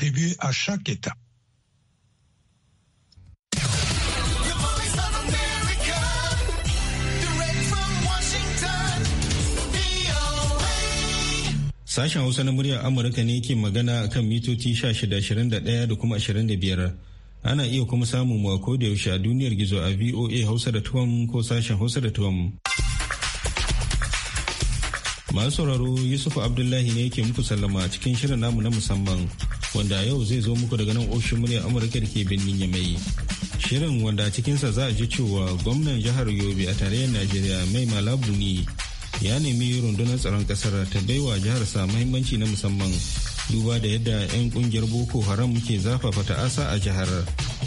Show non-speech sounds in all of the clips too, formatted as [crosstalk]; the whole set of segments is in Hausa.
attribuée à chaque État. Sashen Hausa na muryar Amurka ne ke magana a kan mitoci 1621 da kuma 25. Ana iya kuma samun mu a yaushe a duniyar gizo a VOA Hausa da Tuwam ko sashen Hausa da Tuwam. Masu sauraro Yusuf Abdullahi ne ke muku sallama cikin shirin namu na musamman. wanda yau zai zo muku daga nan ofishin muryar amurka da ke birnin yamai shirin wanda cikinsa za a ji cewa gwamnan jihar yobe a tarayyar najeriya mai malabu ne ya nemi rundunar tsaron kasar ta baiwa jihar sa mahimmanci na musamman duba da yadda 'yan kungiyar boko haram ke zafafa ta'asa a jihar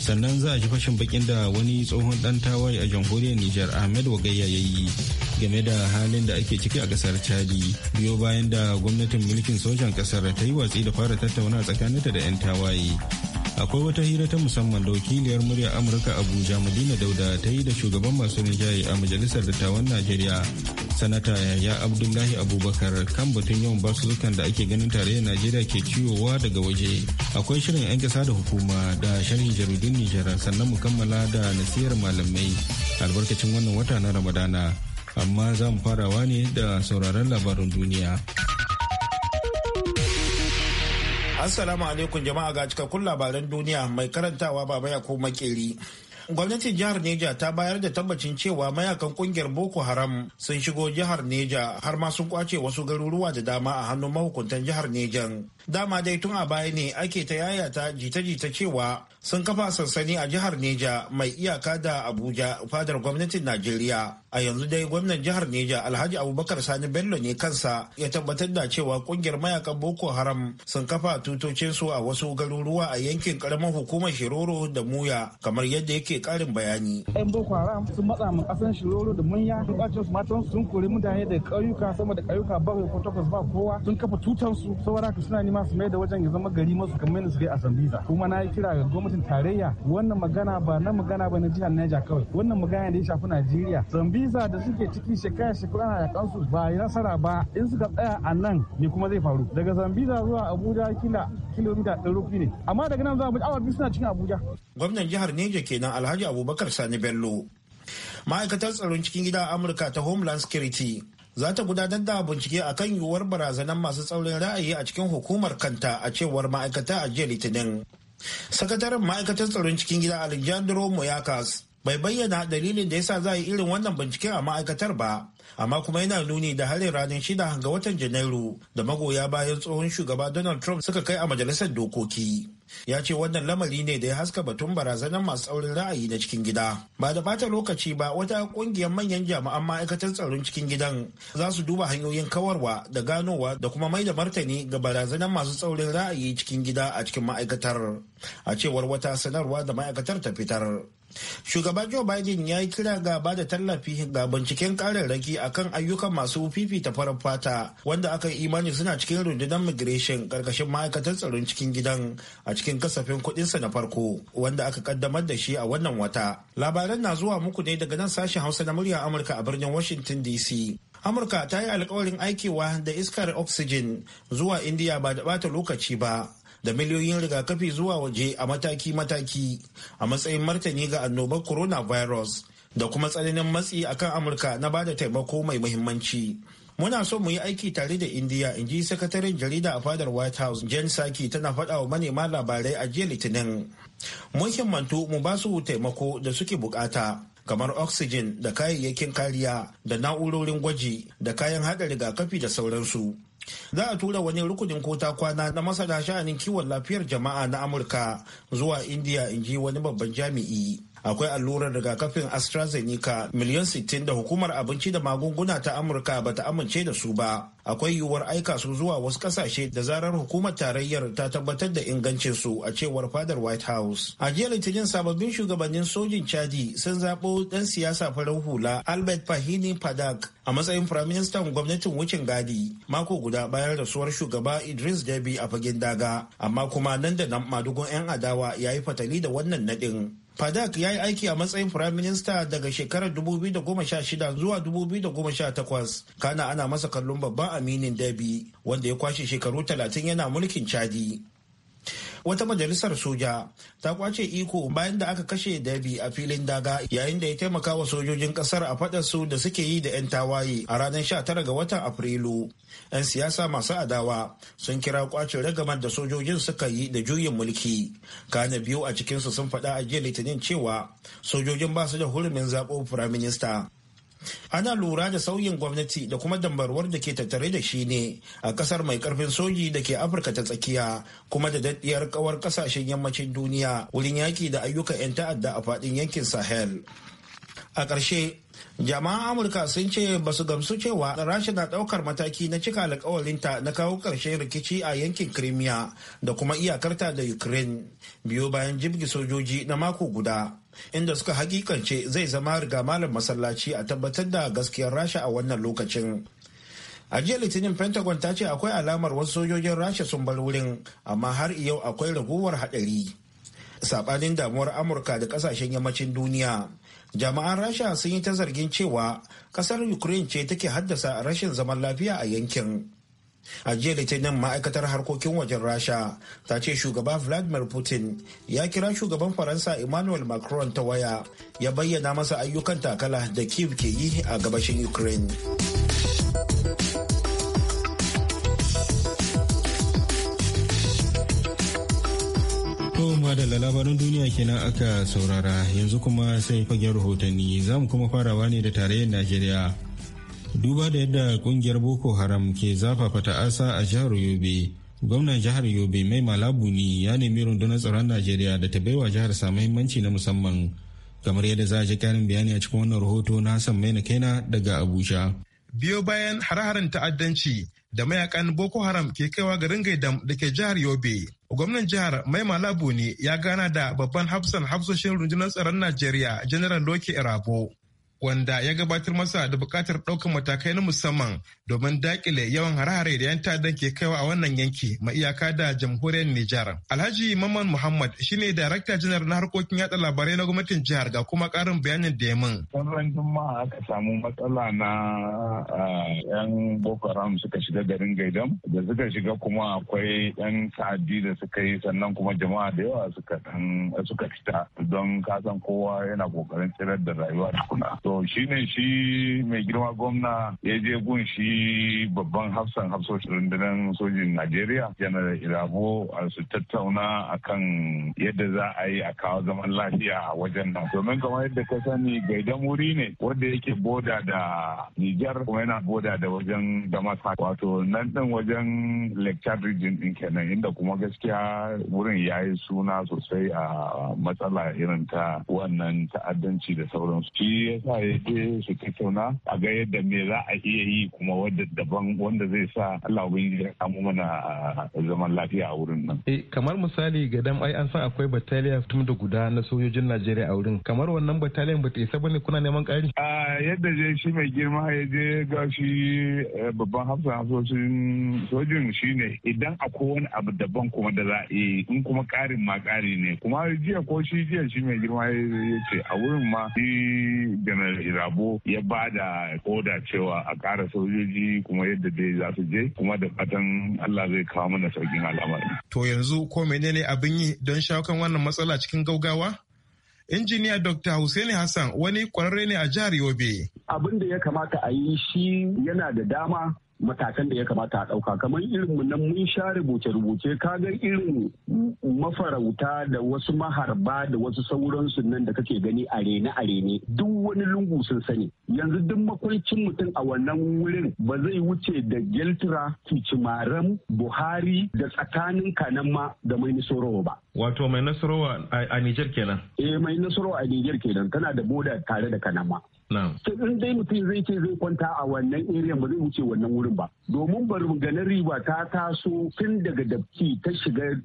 sannan za a ji fashin bakin da wani tsohon dan tawaye a jamhuriyar Nijar Ahmed Wagaya ya yi game da halin da ake ciki a kasar Chadi biyo bayan da gwamnatin mulkin sojan kasar ta yi watsi da fara tattauna tsakaninta da 'yan tawaye. Akwai wata hira ta musamman da wakiliyar murya Amurka Abuja Madina Dauda ta yi da shugaban masu rinjaye a Majalisar Dattawan Najeriya sanata yaya abdullahi abubakar kan batun yawan basussukan da ake ganin tarayyar najeriya ke ciwowa daga waje akwai shirin 'yan kasa da hukuma da sharhin jaridun nijar sannan mu kammala da nasiyar malamai albarkacin wannan wata na ramadana amma za mu farawa ne da sauraron labarin duniya assalamu alaikum jama'a ga cikakkun labaran duniya mai karantawa baba ya ko makeri gwamnatin jihar neja ta bayar da tabbacin cewa mayakan kungiyar boko haram sun shigo jihar neja har ma sun kwace wasu garuruwa da dama a hannun mahukuntan jihar nejan dama dai tun a baya ne ake ta yayata jita-jita cewa sun kafa sansani a jihar neja mai iyaka da abuja fadar gwamnatin najeriya a yanzu dai gwamnan jihar neja alhaji abubakar sani bello ne kansa ya tabbatar da cewa kungiyar mayakan boko haram sun kafa tutocinsu a wasu garuruwa a yankin karamar hukumar shiroro da muya kamar yadda yake karin bayani yan boko haram sun matsa mu kasan shiroro da munya sun su matan sun kore mutane da ƙauyuka sama da kauyuka bakwai ko takwas ba kowa sun kafa tutansu saboda suna ma su mai da wajen ya zama gari masu kamar su a Zambiza kuma na yi kira ga gwamnatin tarayya wannan magana ba na magana ba na jihar Niger kawai wannan magana da ya shafi Najeriya Zambiza da suke ciki shekara shekara na yakansu ba nasara ba in suka tsaya a nan ne kuma zai faru daga Zambiza zuwa Abuja kila kilomita ɗari ne amma daga nan za mu awa biyu suna cikin Abuja gwamnan jihar Niger kenan Alhaji Abubakar Sani Bello ma'aikatar tsaron cikin gida Amurka ta Homeland Security za ta gudanar da bincike a kan yiwuwar barazanar masu tsaurin ra'ayi a cikin hukumar kanta a cewar ma'aikata a jiya litinin sakataren ma'aikatar tsaron cikin gida alejandro moyakas bai bayyana dalilin da yasa za a yi irin wannan bincike a ma'aikatar ba amma kuma yana nuni da harin ranar shida ga watan janairu da magoya bayan tsohon shugaba donald trump suka kai a majalisar dokoki ya ce wannan lamari ne da ya haska batun barazanar masu tsaurin ra'ayi na cikin gida ba da bata lokaci ba wata kungiyar manyan jami'an ma'aikatar tsaron cikin gidan za su duba hanyoyin kawarwa da ganowa da kuma mai da martani ga barazanar masu tsaurin ra'ayi cikin gida a cikin ma'aikatar a cewar wata sanarwa da ma'aikatar ta fitar Shugaba Joe Biden ya yi kira ga ba da tallafi ga binciken a kan ayyukan masu ta farar fata wanda aka yi imani suna cikin rundunar migration karkashin ma'aikatan tsaron cikin gidan a cikin kasafin kuɗinsa na farko wanda aka ƙaddamar da shi a wannan wata. Labaran na zuwa muku ne daga nan sashen Hausa na muryar Amurka a birnin Washington DC. Amurka ta yi alkawarin aikewa da iskar oxygen zuwa Indiya ba da bata lokaci ba. da miliyoyin rigakafi zuwa waje a mataki-mataki a matsayin martani ga annobar coronavirus da kuma tsananin matsi a kan amurka na ba da taimako mai muhimmanci muna so mu yi aiki tare da indiya in ji sakataren jarida a fadar white house jen saki tana faɗa wa manema labarai a jiya litinin mun mu ba su taimako da suke bukata kamar oxygen da kayayyakin kariya da na'urorin gwaji da kayan haɗa rigakafi da sauransu za a tura wani rukunin kota kwana na masana sha'anin kiwon lafiyar jama'a na amurka zuwa indiya in ji wani babban jami'i akwai allurar rigakafin AstraZeneca miliyan 60 da hukumar abinci da magunguna ta Amurka ba ta amince da su ba. Akwai yiwuwar aika su zuwa wasu kasashe da zarar hukumar tarayyar ta tabbatar da ingancin su a cewar fadar White House. A jiya Litinin sababbin shugabannin sojin Chadi sun zaɓo ɗan siyasa farar hula Albert Fahini Padak a matsayin firaministan gwamnatin wucin gadi mako guda bayan rasuwar shugaba Idris Deby a fagen daga amma kuma nan da nan madugun 'yan adawa yayi fatali da wannan naɗin. Fadak ya yi aiki a matsayin Prime Minister daga shekarar 2016 zuwa 2018, kana ana masa kallon babban aminin Dabi, wanda ya kwashe shekaru 30 yana mulkin Chadi. wata majalisar soja ta kwace iko bayan da aka kashe dabi a filin daga yayin da ya taimaka wa sojojin kasar a fadar su da suke yi da 'yan tawaye a ranar 19 ga watan afrilu 'yan siyasa masu adawa sun kira kwace ragamar da sojojin suka yi da juyin mulki kana biyu a cikinsu sun faɗa a jiya litinin cewa sojojin ba su da hurumin zaɓo firaminista ana lura da sauyin gwamnati da kuma dambarwar da ke tattare da shi ne a kasar mai karfin soji da ke afirka ta tsakiya kuma da daddiyar kawar kasashen yammacin duniya wurin yaki da ayyukan 'yan ta'adda a faɗin yankin sahel a ƙarshe jama'an amurka sun ce ba su gamsu cewa rasha na daukar mataki na cika alkawarinta na kawo ƙarshen rikici a yankin crimea da kuma iyakarta da ukraine biyo bayan jibgi sojoji na mako guda inda suka hakikance zai zama riga malam masallaci a tabbatar da gaskiyar rasha a wannan lokacin a jiya litinin pentagon ta ce akwai alamar wasu sojojin rasha sun bar wurin amma har yau akwai raguwar haɗari saɓanin damuwar amurka da ƙasashen yammacin duniya jami'an rasha sun yi ta zargin cewa kasar ukraine ce take haddasa rashin zaman lafiya a yankin a jiya litinin ma'aikatar harkokin wajen rasha ta ce shugaba vladimir putin ya kira shugaban faransa emmanuel macron ta waya ya bayyana masa ayyukan takala da kiev ke yi a gabashin ukraine To da labaran duniya kenan aka saurara yanzu kuma sai fagen rahotanni za mu kuma farawa ne da tarayyar Najeriya. Duba da yadda kungiyar Boko Haram ke zafafa ta'asa a jihar Yobe. Gwamnan jihar Yobe mai malabu ne ya nemi rundunar tsaron Najeriya da ta baiwa jihar sa muhimmanci na musamman. Kamar yadda za a ji karin bayani a cikin wannan rahoto na Hassan Maina Kaina daga Abuja. Biyo bayan hare-haren ta'addanci da mayakan Boko Haram ke kaiwa garin Gaidam da ke jihar Yobe. gwamnan jihar maima malabu ne ya gana da babban hafsan hafsoshin rundunar tsaron najeriya general loke irabo wanda ya gabatar masa da bukatar ɗaukar matakai na musamman domin dakile yawan hare-hare da 'yan ta'addan ke kaiwa a wannan yanki mai iyaka da jamhuriyar Nijar. Alhaji Mamman Muhammad shine Darakta Janar na harkokin yada labarai na gwamnatin jihar ga kuma ƙarin bayanin da ya min. Ran Juma'a aka samu matsala na 'yan Boko Haram suka shiga garin Gaidam da suka shiga kuma akwai 'yan sa'adi da suka yi sannan kuma jama'a da yawa suka fita don kasan kowa yana kokarin tsirar da rayuwa tukuna. To shi ne shi mai girma gwamna ya je gun shi babban hafsan hafsoshin rundunar sojin Najeriya janar Irabo a su tattauna akan yadda za a yi a kawo zaman lafiya a wajen nan. Domin kamar yadda ka sani gaidan wuri ne wanda yake boda da Nijar kuma yana boda da wajen Damasa Wato nan din wajen Lake dijin region din kenan inda kuma gaskiya wurin ya yi suna sosai a matsala irin ta wannan ta'addanci da sauransu. Shi ya je su tattauna a ga yadda me za a iya yi kuma wadda daban wanda zai sa Allah ubangiji ya samu mana ah, zaman lafiya a wurin nan. Eh kamar misali ga dam ai an san akwai bataliya tun da guda na sojojin Najeriya a wurin kamar wannan bataliyan ba ta isa bane kuna neman ƙari. A ah, yadda je shi mai girma ya je ga shi eh, babban hafsan sojin shi shine idan akwai wani abu daban kuma da za a yi in kuma ƙarin ma ƙari ne kuma jiya ko shi jiya shi mai girma ya ce a wurin ma shi janar irabo ya ba da koda cewa a kara sojoji kuma yadda dai za su je kuma da fatan allah zai kawo mana sauƙin al'amari. to yanzu ko menene abin yi don shawo kan wannan matsala cikin gaugawa? injiniya dr Hussaini hassan wani kwararre ne a jihar yobe abin da ya kamata a yi shi yana da dama matakan da ya kamata a ɗauka kamar irinmu nan mun sha rubuce-rubuce kaga irin mafarauta da wasu maharba da wasu sauransu nan da kake gani a rene a rene duk wani lungu sun sani yanzu duk makwancin mutum a wannan wurin ba zai wuce da geltra kicimaram buhari da tsakanin kanan ma da mai nisorowa ba wato mai nasarawa a niger kenan eh mai nasarawa a niger kenan tana da boda tare da kanama sai in dai mutum zai ce zai kwanta a wannan area ba zai wuce wannan wurin ba domin ganin riba ta taso tun daga dabki ta shiga eh,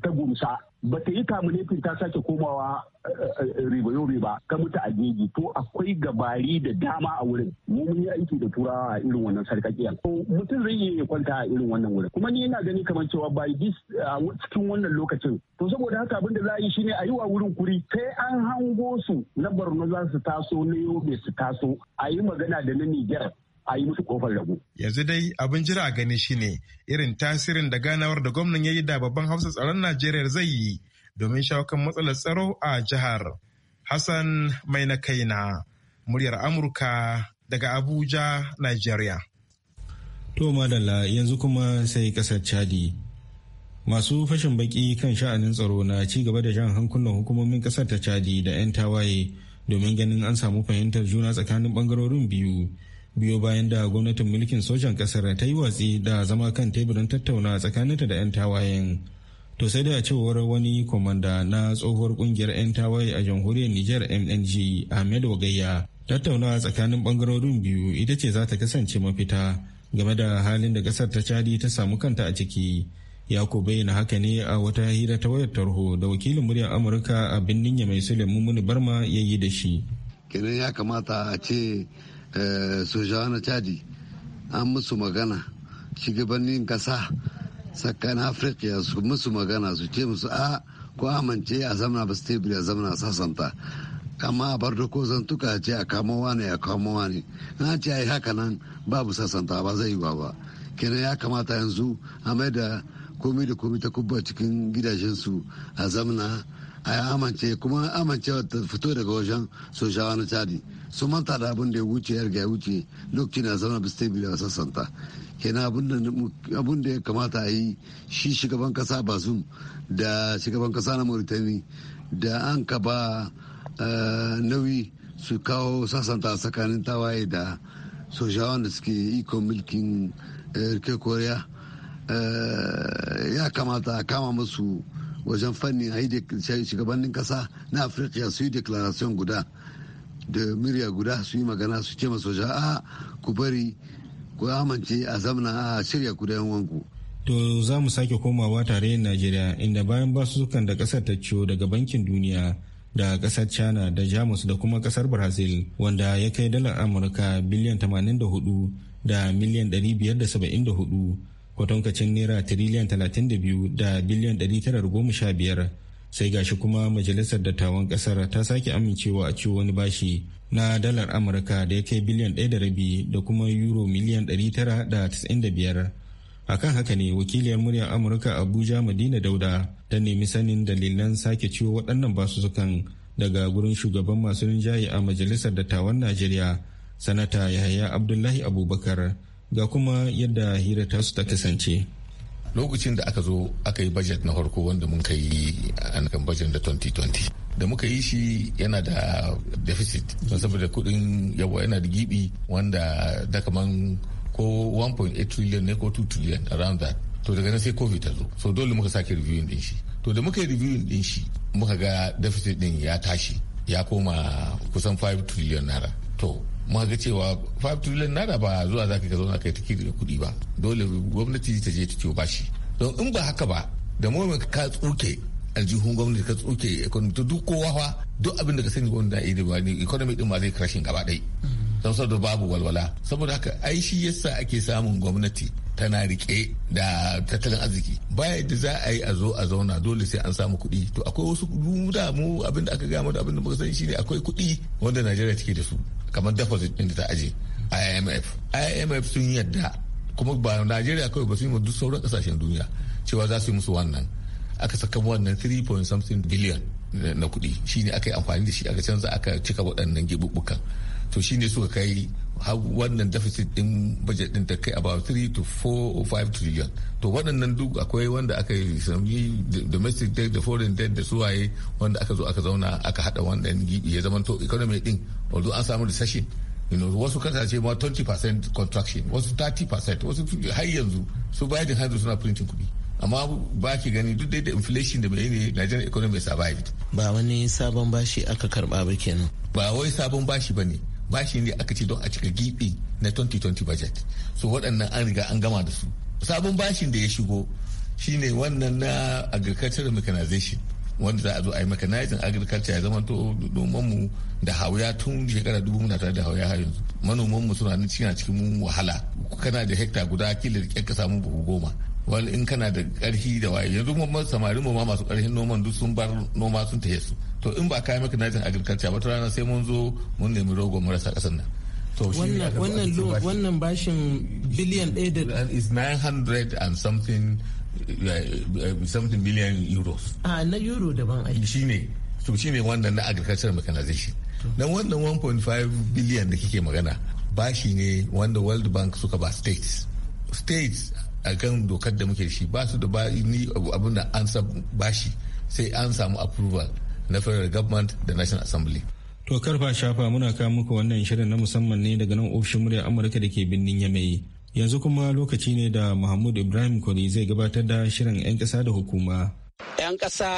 ta gumsa ba ta yi kamunetin ta sake komawa eh, eh, ribayobe ba Ka mutu a jeji to akwai gabari da dama a wurin mu mun yi aiki da turawa a irin wannan sarkakiyar to mutum zai iya ya kwanta a irin wannan wurin kuma ni yana gani kamar cewa ba yi uh, cikin wannan lokacin to saboda haka abin da za a yi shine a yi wa wurin kuri sai an hango su na barno za su taso na Yobe su taso a yi magana da na Niger a yi musu kofar rago. Yanzu dai abin jira a gani shine irin tasirin da ganawar da gwamnan ya yi da babban hausa tsaron Najeriya zai yi domin shawo matsalar tsaro a jihar. Hassan mai na kaina muryar Amurka daga Abuja, Najeriya. To madalla yanzu kuma sai kasar Chadi. Masu fashin baki kan sha'anin tsaro na ci gaba da jan hankulan hukumomin kasar ta Chadi da 'yan tawaye domin ganin an samu fahimtar juna tsakanin bangarorin biyu. biyo bayan da gwamnatin mulkin sojan kasar ta yi watsi da zama kan teburin tattauna tsakaninta da 'yan tawayen to sai da cewar wani kwamanda na tsohuwar kungiyar 'yan tawaye a jamhuriyar niger mng ahmed wagayya tattauna tsakanin bangarorin biyu ita ce za ta kasance mafita game da halin da kasar ta cadi ta samu kanta a ciki ya ku bayyana haka ne a wata hira ta wayar tarho da wakilin muryar amurka a birnin ya mai suleiman muni barma ya yi da shi kenan ya kamata a ce Eh, sojawa na chadi an musu magana shugabannin kasa sakan afirka su musu magana su ce musu a ko amince a zamana ba stable a zamana sasanta amma a bar ko zantuka ce a kamo wani a kamo wani na ce a yi haka nan babu sasanta ba zai yi ba kenan ya kamata yanzu a mai da komai da komai ta kubba cikin gidajensu a zamna a amince kuma amincewa ta fito daga wajen soshawa na cadi su manta da abin da ya wuce ya ya wuce lokacin da zama bisa bila sassanta kenan abin da ya kamata a yi shi shugaban kasa bazum da shugaban kasa na mauritani da an ka ba eh, nauyi su kawo sassanta tsakanin tawaye da soshawan da suke ikon milkin eh, rike koriya Eh, ya kamata a kama musu wajen fannin shugabannin kasa na afirka su yi declaration guda da murya guda su yi magana su ce masu a ku bari ku amince a zamna a shirya ku da yan to za mu sake komawa yin najeriya inda bayan sukan da kasar ta ciyo daga bankin duniya da kasar china da jamus da kuma kasar brazil wanda ya kai dalar amurka biliyan 84 da miliyan 574 kwatankacin naira tiriliyan 32 da biliyan 915 sai gashi kuma majalisar dattawan kasar ta sake amincewa a ciwo wani bashi na dalar amurka da ya kai biliyan 1.5 da kuma euro miliyan 995 akan haka ne wakiliyar muryar amurka abuja madina dauda ta nemi sanin dalilan sake ciwo waɗannan basussukan daga gurin shugaban masu rinjaye a majalisar dattawan najeriya sanata yahaya abdullahi abubakar ga kuma yadda hira ta su ta kasance lokacin da aka zo aka yi budget na farko wanda mun ka yi a kan budget da 2020 da muka yi shi yana da deficit don saboda kudin yawa yana da gibi wanda da kaman ko 1.8 trillion ne ko 2 trillion around that to daga nan sai covid ta zo so dole muka sake reviewing din shi to da muka yi reviewing din shi muka ga deficit din ya tashi ya koma kusan 5 trillion naira to muka ga cewa 5 trillion naira ba zuwa za ka zauna kai tikiri da kuɗi ba dole gwamnati ta je ta ciwo bashi don in ba haka ba da momin ka tsuke aljihun gwamnati ka tsuke economy to duk kowa fa duk abin ka sani gwamnati da ba ne economy din ma zai crashing gaba ɗaya don saboda babu walwala saboda haka ai shi yasa ake samun gwamnati tana rike da tattalin arziki ba yadda za a yi a zo a zauna dole sai an samu kuɗi to akwai wasu da mu abinda aka gama da abinda muka sani shine akwai kuɗi wanda najeriya take da su kamar deposit din da ta aje imf imf sun yadda kuma ba najeriya kawai ba su yi duk sauran kasashen duniya cewa za su yi musu wannan aka saka wannan 3 point something billion na kuɗi shine aka yi amfani da shi aka canza aka cika waɗannan gibubbukan to shi ne suka kai wannan deficit din budget din ta kai about 3 to 4 or 5 trillion to waɗannan duk akwai wanda aka yi sami domestic debt da foreign debt da suwaye wanda aka zo aka zauna aka hada wannan gibi ya zama to economy din although an samu recession you know wasu kasashe ma 20% contraction wasu 30% wasu har yanzu su da hanzu suna printing kuɗi amma ba ki gani duk da inflation da bai ne Nigerian economy survived. Ba wani sabon bashi aka karba ba kenan. Ba wai sabon bashi ba ne. bashi ne aka ce don a cika giɓi na 2020 budget so waɗannan an riga an gama da su sabon bashin da ya shigo shine wannan na agricultural mechanization wanda za a zo a yi mechanizing agriculture ya zama to noman mu da hauya tun shekara dubu muna tare da hauya har yanzu manoman mu suna cikin cikin wahala kana da hekta guda kila da ka samu buhu goma wani in kana da karfi da waye yanzu kuma samarin ma masu karfin noman duk sun bar noma sun tahe su to in ba kayan mechanizing agriculture wata rana sai mun zo mun nemi rogo marasa kasan nan wannan wannan bashin biliyan ɗaya da is 900 and something eh, eh, something billion euros ah na euro daban ai shine to shine wannan na agriculture mechanization dan wannan 1.5 billion da kike magana bashi ne wanda world bank suka ba states states a kan dokar da muke shi ba su da abin da an bashi sai an samu approval na federal government da national assembly to karfa shafa muna kawo muku wannan shirin na musamman ne daga nan ofishin murya amurka da ke birnin yamai yanzu kuma lokaci ne da mahmud ibrahim kwari zai gabatar da shirin 'yan ƙasa da hukuma 'yan ƙasa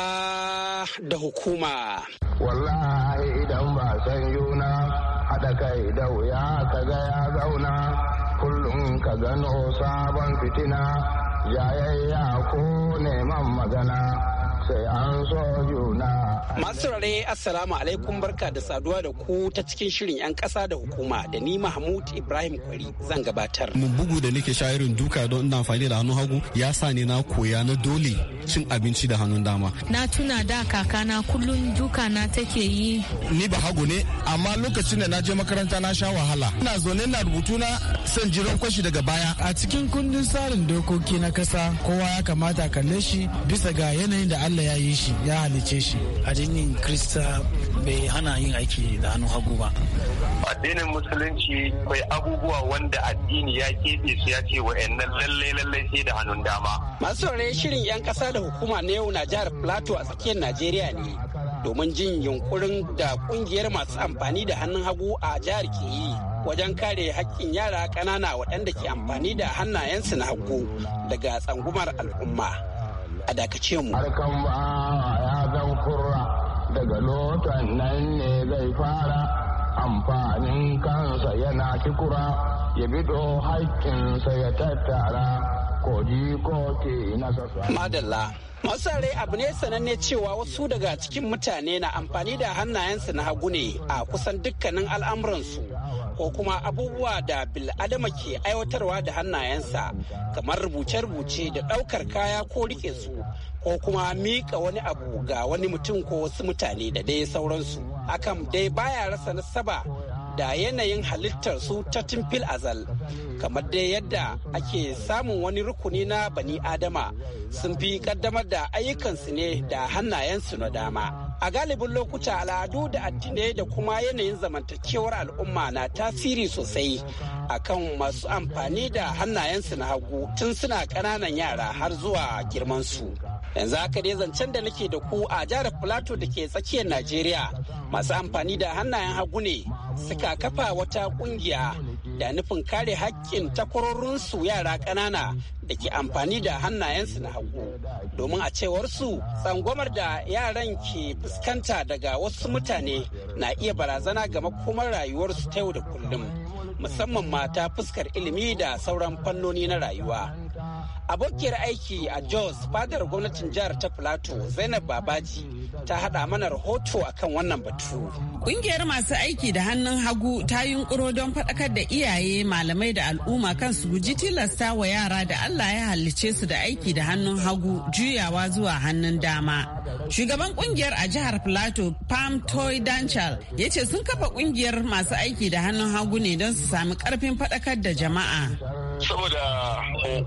da hukuma wallahi idan ba san yuna haɗa kai da wuya ka ga ya zauna kullum ka gano sabon fitina yayayya ko neman magana sai an so juna. Masu rare Assalamu alaikum barka da saduwa da ku ta cikin shirin 'yan ƙasa da hukuma da ni Mahmud Ibrahim Kwari zan gabatar. Mun bugu da nake shayarin duka don ina amfani da hannun hagu ya sa ne na koya na dole cin abinci da hannun dama. Na tuna da kakana kullum duka na take yi. Ni ba hagu ne amma lokacin da na je makaranta na sha wahala. Ina zaune na rubutu na son jiran kwashi daga baya. A cikin kundin tsarin dokoki na kasa kowa ya kamata kalle shi bisa ga yanayin da Allah ya yi shi ya halice shi addinin Krista bai hana yin aiki da hannu hagu ba addinin musulunci akwai abubuwa wanda addini ya keɓe su ya ce wa'annan lallai lallai sai da hannun dama masu shirin 'yan ƙasa da hukuma na yau na jihar plateau a tsakiyar najeriya ne domin jin yunkurin da kungiyar masu amfani da hannun hagu a jihar ke yi wajen kare hakkin yara ƙanana waɗanda ke amfani da hannayensu na hagu daga tsangumar al'umma a dakace mu harkan ba ya daga lotan nan ne zai fara amfanin kansa yana kikura ya bido haƙƙinsa ya tattara Madalla. Masare abu ne sananne cewa wasu daga cikin mutane na amfani da hannayensu na hagu ne a kusan dukkanin al'amuransu ko kuma abubuwa da bil'adama ke aiwatarwa da hannayensa kamar rubuce-rubuce da ɗaukar kaya ko rike su ko kuma miƙa wani abu ga wani mutum ko wasu mutane da dai sauransu hakan dai baya rasa nasaba da yanayin halittar su ta timfil azal kamar dai yadda ake samun wani rukuni na bani adama sun fi kaddamar da ayyukansu ne da hannayensu na dama a galibin lokuta al'adu da addinai da kuma yanayin zamantakewar al'umma na tasiri sosai akan masu amfani da hannayensu na hagu tun suna kananan yara har zuwa girman su. yanzu haka dai zancen da nake da ku a jihar plateau da ke tsakiyar najeriya masu amfani da hannayen hagu ne suka kafa wata kungiya da nufin kare hakkin takwarorinsu yara ƙanana da ke amfani da hannayensu na hagu domin a cewar su tsangwamar da yaran ke fuskanta daga wasu mutane na iya barazana ga makomar rayuwarsu ta yau da kullum musamman mata fuskar ilimi da sauran fannoni na rayuwa abokiyar aiki a jos fadar gwamnatin jihar ta plateau zainab babaji ta hada mana rahoto akan wannan batu Ƙungiyar masu aiki da hannun hagu ta yunkuro don faɗakar da iyaye malamai da al'umma kan su guji tilasta wa yara da Allah ya halice su da aiki da hannun hagu juyawa zuwa hannun dama. Shugaban ƙungiyar a jihar Plateau, Pam Toy Danchal, ya ce sun kafa ƙungiyar masu aiki da hannun hagu ne don su sami ƙarfin faɗakar da jama'a. saboda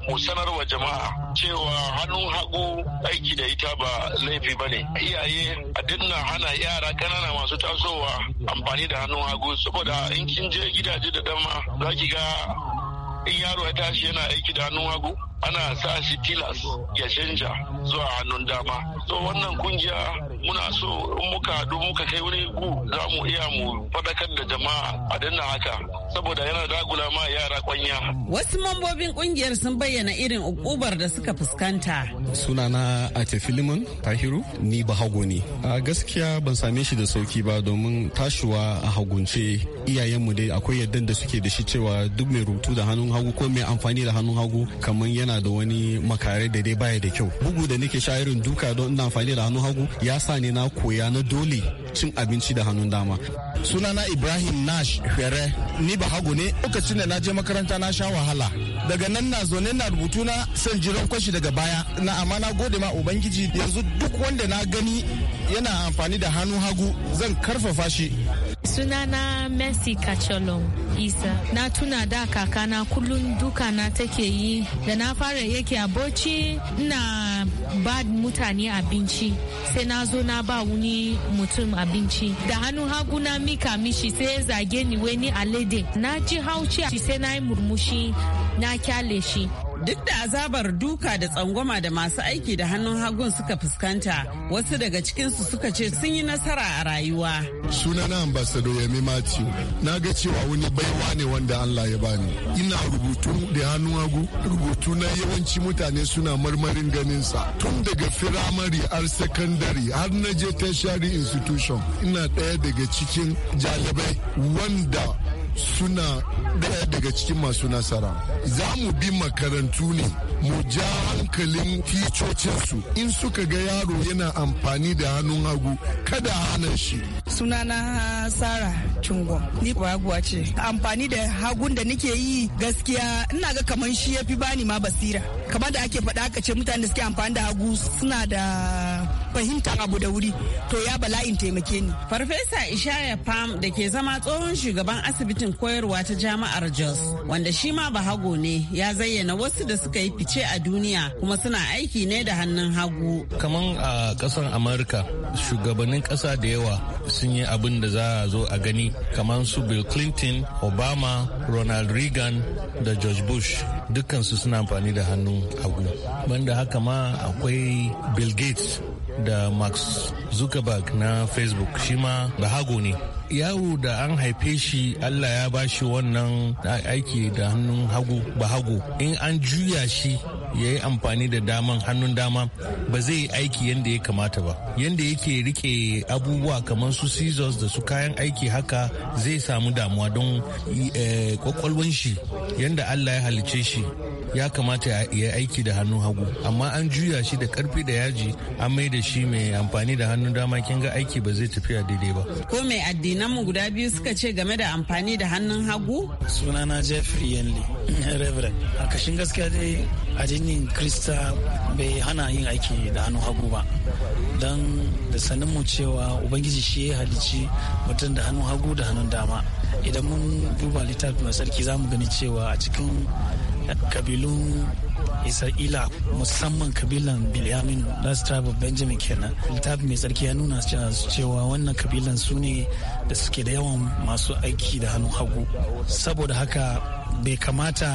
mu wa jama'a cewa hannun hagu aiki da ita ba laifi ba ne iyaye a dinna hana yara ƙanana masu tasowa amfani da hannun hagu saboda in kin je gidaje da dama za ki ga in yaro ya tashi yana aiki da hannun hagu ana sa shi tilas ya canja zuwa hannun dama to wannan kungiya muna so in muka haɗu muka kai wuri gu za mu iya mu faɗakar da jama'a a danna haka saboda yana dagula ma yara kwanya. Wasu mambobin ƙungiyar sun bayyana irin ukubar da suka fuskanta. Suna na Filiman Tahiru ni ba hago ne. A gaskiya ban same shi da sauki ba domin tashiwa a hagunce iyayenmu dai akwai yadda da suke da shi cewa duk mai rubutu da hannun hagu ko mai amfani da hannun hagu kamar yana da wani makare da dai baya da kyau. Bugu da nake sha irin duka don ina amfani da hannun hagu ya sa da ne na koya na dole cin abinci da hannun dama sunana ibrahim nash fere ni ba hagu ne lokacin da na je makaranta na sha wahala daga nan na zo na rubutu na san jiran kwashi daga baya na amma na gode ma ubangiji yanzu duk wanda na gani yana amfani da hannu hagu zan karfafa shi sunana messi kacholom isa na tuna da kakana kullum duka na take yi da na fara yake a na ba mutane abinci sai na zo na ba wani mutum abinci da hannu hagu na mika mishi sai ya zage ni wani alade na ji haushi sai na yi murmushi na kyale shi Duk da azabar duka da tsangwama da masu aiki da hannun hagun suka fuskanta, wasu daga cikinsu suka ce sun yi nasara a rayuwa. Sunana ambassador Yemi Matthew, na ga cewa wani baiwa ne wanda Allah ya bani. Ina rubutu da hannun hagu, rubutu na yawanci mutane suna marmarin ganinsa. Tun daga firamare har sakandare har na je tertiary institution, ina ɗaya daga cikin jalibai wanda suna daya daga cikin masu nasara za mu bi makarantu ne mu ja hankalin ticocinsu in suka ga yaro yana amfani da hannun hagu kada hana shi sunana sara cungo ni baguwa ce amfani da hagun da nake yi gaskiya ina ga kamar shi ya fi bani ma basira kamar da ake faɗa aka ce mutane da suke amfani da hagu suna da fahimtar abu da wuri to ya bala'in taimake ni. Farfesa Ishaya Pam da ke zama tsohon shugaban asibitin koyarwa ta Jama'ar Jos wanda shi ma hago ne ya zayyana wasu da suka yi fice a duniya kuma suna aiki ne da hannun hagu. Kaman a ƙasar Amurka shugabannin ƙasa da yawa sun yi abin da za a zo a gani kamar su Bill Clinton, Obama, Ronald Reagan da George Bush dukkansu suna amfani da hannun hagu. Banda haka ma akwai Bill Gates da max zuckerberg na facebook shi ma hago ne yawo da an haife shi allah ya ba shi wannan aiki da hannun hagu ba hagu in an juya shi ya yi amfani da daman hannun dama ba zai aiki yadda ya kamata ba yadda yake rike abubuwa kamar su scissors da su kayan aiki haka zai samu damuwa don eh, kwakwalwan shi yadda allah ya halice shi ya kamata ya aiki da hannu hagu amma an juya shi da karfi da yaji an mai da shi mai amfani da hannun dama kin ga aiki ba zai tafiya daidai ba ko mai addinan mu guda biyu suka ce game da amfani da hannun hagu sunana Jeffrey yanli [laughs] Reverend a kashin gaskiya dai addinin Krista bai hana yin aiki da hannu hagu ba don da sanin mu cewa ubangiji shi ya halici mutum da hannun hagu da hannun dama idan mun duba littafi mai sarki za mu gani cewa a cikin kabilun isra'ila musamman kabilan bilyamin last tribe of benjamin kenan littafi mai tsarki ya nuna cewa wannan kabilan su ne da suke da yawan masu aiki da hannun hagu saboda haka bai kamata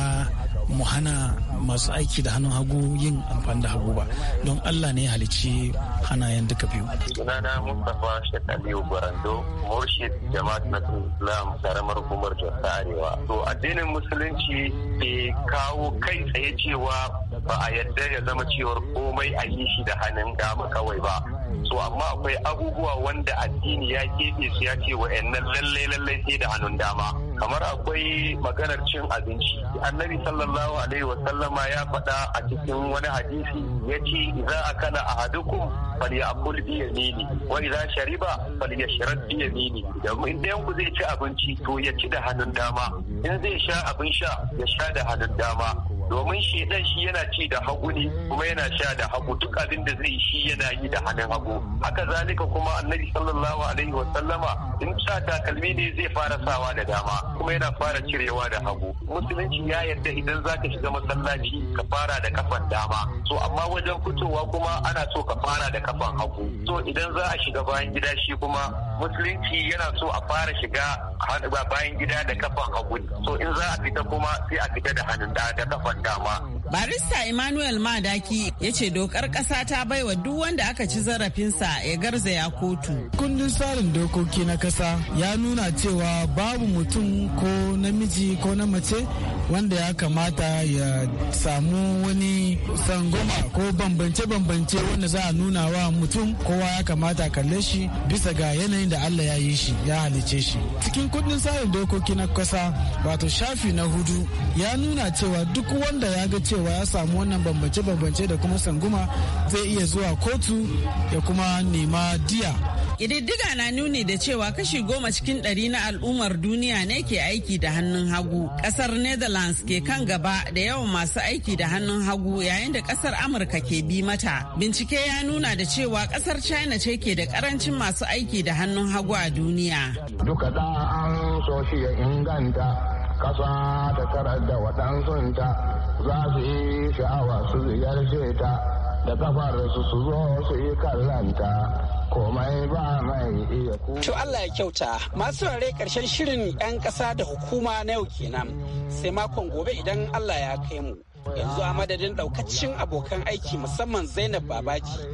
mu hana masu aiki da hannun hagu yin amfani da hagu ba don allah ne ya halicci hannayen duka biyu sunana mustapha shek aliyu barando murshid jama'at na islam karamar hukumar jasa arewa to addinin musulunci ke kawo kai tsaye cewa ba a yadda ya zama cewar komai a yi shi da hannun dama kawai ba so amma akwai abubuwa wanda addini ya keɓe su ya ce wa'annan lallai lallai sai da hannun dama kamar akwai maganar cin abinci annabi sallallahu alaihi wa sallama ya faɗa a cikin wani hadisi ya ce za a a kana idza akala ahadukum falyakul bi yamini wa idza shariba falyashrab bi yamini in ɗayan ku zai ci abinci to ya ci da hannun dama in zai sha abin sha ya sha da hannun dama domin shedan shi yana ci da hagu ne kuma yana sha da hagu duk abin da zai shi yana yi da hannun hagu haka zalika kuma annabi sallallahu alaihi wa sallama in sa takalmi ne zai fara sawa da dama kuma yana fara cirewa da hagu musulunci ya yarda idan zaka shiga masallaci ka fara da kafan dama so amma wajen fitowa kuma ana so ka fara da kafan hagu so idan za a shiga bayan gida shi kuma musulunci yana so a fara shiga hannu bayan gida da kafan hagu so in za a fita kuma sai a fita da hannun da da kafan dama barista emmanuel madaki ya ce dokar ƙasa ta baiwa duk wanda aka ci zarafinsa ya garzaya kotu kundin tsarin dokoki na kasa ya nuna cewa babu mutum ko namiji ko na mace wanda ya kamata ya samu wani sangoma ko bambance-bambance wanda za a nuna wa mutum kowa ya kamata kalle shi bisa ga yanayin da allah ya yi shi ya halice shi cikin kundin tsarin dokoki na kasa wato shafi na hudu ya nuna cewa duk wanda ya ga cewa ya samu wannan bambance-bambance da kuma sanguma zai iya zuwa kotu ya kuma nema diya Kididdiga na nuni da cewa kashi goma cikin ɗari na al'ummar duniya ne ke aiki da hannun hagu. Ƙasar Netherlands ke kan gaba da yawan masu aiki da hannun hagu yayin da ƙasar Amurka ke bi mata. Bincike ya nuna da cewa ƙasar China ce ke da ƙarancin masu aiki da hannun hagu a duniya. Duka da an so shi inganta, ƙasa ta tarar da waɗansunta za su yi sha'awa su ziyarce ta. da kafar su su zo su yi kallanta komai ba mai iya To Allah ya kyauta masu rare karshen shirin 'yan ƙasa da hukuma na yau kenan sai makon gobe idan Allah ya kai mu. Yanzu a madadin ɗaukacin abokan aiki musamman Zainab Babaji.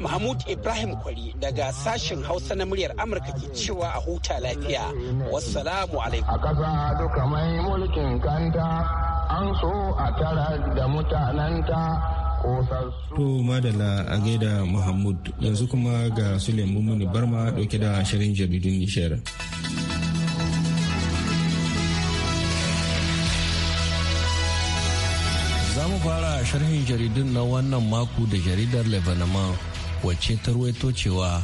Mahmud Ibrahim Kwari daga sashen Hausa na muryar Amurka ke cewa a huta lafiya. Wassalamu alaikum. A ƙasa duka mai mulkin kanta an so a tara da mutanenta. To madala a gaida Muhammad yanzu kuma ga Suleiman Muni Barma dauke da shirin jaridun Nishiyar. Za mu fara sharhin jaridun na wannan mako da jaridar Lebanon wacce ta ruwaito cewa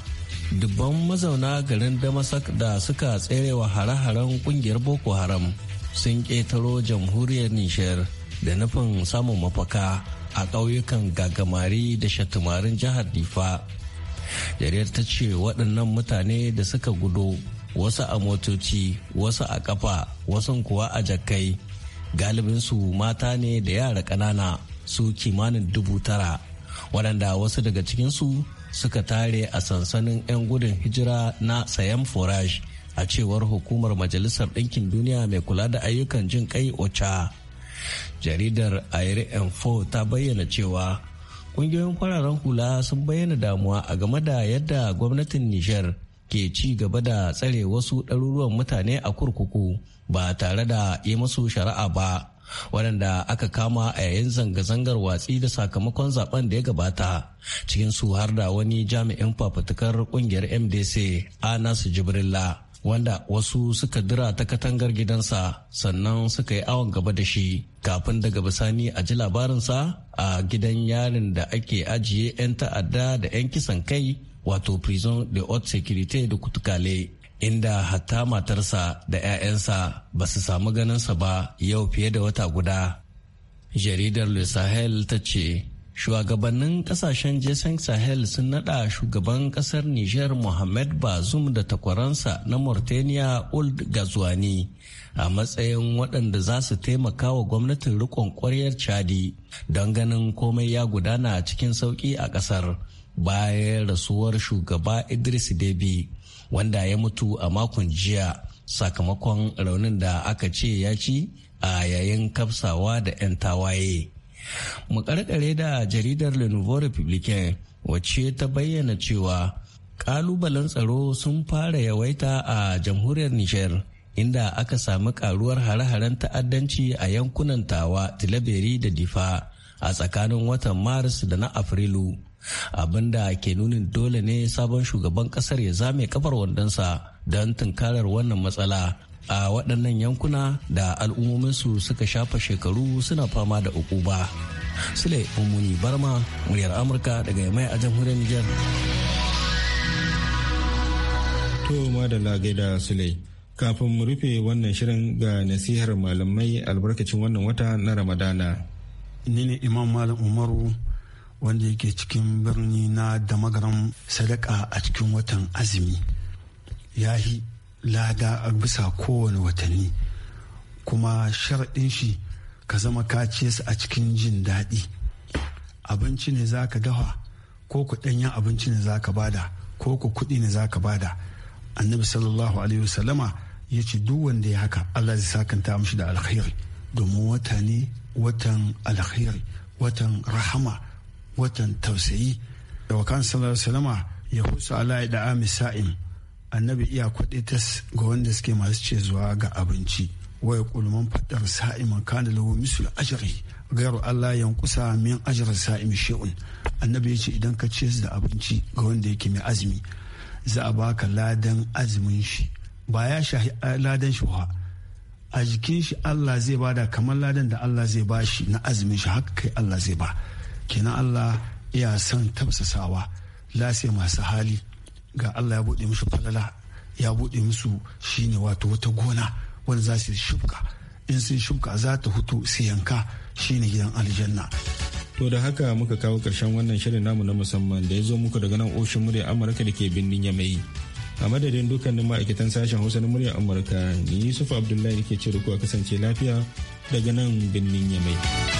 dubban mazauna garin Damasak da suka tserewa hare-haren kungiyar Boko Haram sun ƙetaro jamhuriyar Nishiyar da nufin samun mafaka. a ƙauyukan gagamari da shatumarin jihar difa jaridar ta ce waɗannan mutane da suka gudo wasu a motoci wasu a ƙafa wasu kuwa a jakkai galibinsu mata ne da yara ƙanana su kimanin dubu tara waɗanda wasu daga cikinsu suka tare a sansanin 'yan gudun hijira na sayan forage a cewar hukumar majalisar ɗinkin duniya mai kula da ayyukan jin kai ocha jaridar air info ta bayyana cewa kungiyoyin fararen hula sun bayyana damuwa a game da yadda gwamnatin nijar ke ci gaba da tsare wasu ɗaruruwan mutane a kurkuku ba tare da yi masu shari'a ba waɗanda aka kama a yayin zanga-zangar watsi da sakamakon zaben da ya gabata cikin su har da wani jami'in fafutukar ƙungiyar mdc Anasu jibrilla wanda wasu suka dira ta katangar gidansa sannan suka yi awon gaba da shi kafin daga bisani a ji labarinsa a gidan yarin da ake ajiye 'yan ta'adda da 'yan kisan kai wato prison de haute sécurité da kutukale inda hatta matarsa da 'ya'yansa ba su samu ganinsa ba yau fiye da wata guda jaridar le sahel ta ce shugabannin kasashen jason sahel sun nada shugaban kasar niger mohamed bazoum da takwaransa na mauritania old gazwani a matsayin waɗanda za su taimaka wa gwamnatin rikon ƙwaryar chadi don ganin komai ya gudana cikin sauƙi a ƙasar bayan rasuwar shugaba idris debi wanda ya mutu a makon jiya sakamakon raunin da aka ce ya ci a yayin kafsawa da 'yan tawaye mu karkare da jaridar le nouveau republicain wacce ta bayyana cewa kalubalen tsaro sun fara yawaita a jamhuriyar niger inda aka sami karuwar hare-haren ta'addanci a yankunan tawa tilaberi da difa a tsakanin watan maris da na afrilu abinda ke nunin dole ne sabon shugaban kasar ya zame kafar wandonsa don tunkarar wannan matsala a waɗannan yankuna da al'ummominsu suka shafa shekaru suna fama da ukuba. Sule Umuni Barma, muryar Amurka daga mai a jamhuriyar Nijar. To madalla gaida Sule. Kafin mu rufe wannan shirin ga nasihar malamai albarkacin wannan wata na Ramadana. Ni ne Imam Malam Umaru wanda yake cikin birni na damagaran sadaka a cikin watan azumi. Yahi lada a bisa kowane watanni kuma sharaɗin shi ka zama ka ce su a cikin jin daɗi abinci ne za ka dafa ko ku ɗanyen abinci ne za ka bada ko ku kuɗi ne za ka bada annabi sallallahu alaihi wasallama ya ce duk wanda ya haka allah zai sakanta mishi da alkhairi domin wata ne watan alkhairi watan rahama watan tausayi da wakan sallallahu alaihi wasallama ya husa ala da amisa'in annabi iya ta ga wanda suke masu ce zuwa ga abinci waya kulman fadar sa'iman kana lahu misul ajri gairu Allah ya yankusa min ajri sa'im shi'un annabi ya ce idan ka ce da abinci ga wanda yake mai azumi za a baka ladan azumin shi ba ya shahi ladan shi ba a jikin shi Allah zai bada kamar ladan da Allah zai ba shi na azumin shi haka kai Allah zai ba kenan Allah ya san tafsasawa lase masu hali ga Allah ya buɗe musu falala ya buɗe musu shine wato wata gona wanda za su shuka in sun shuka za ta hutu su yanka shine gidan aljanna To da haka muka kawo ƙarshen wannan shirin namu na musamman da ya zo muku daga nan oshin murya Amurka da ke birnin Yamai. A madadin dukkanin ma'aikatan sashen Hausa na murya Amurka, ni Yusuf Abdullahi ke ce da kasance lafiya daga nan birnin Yamai.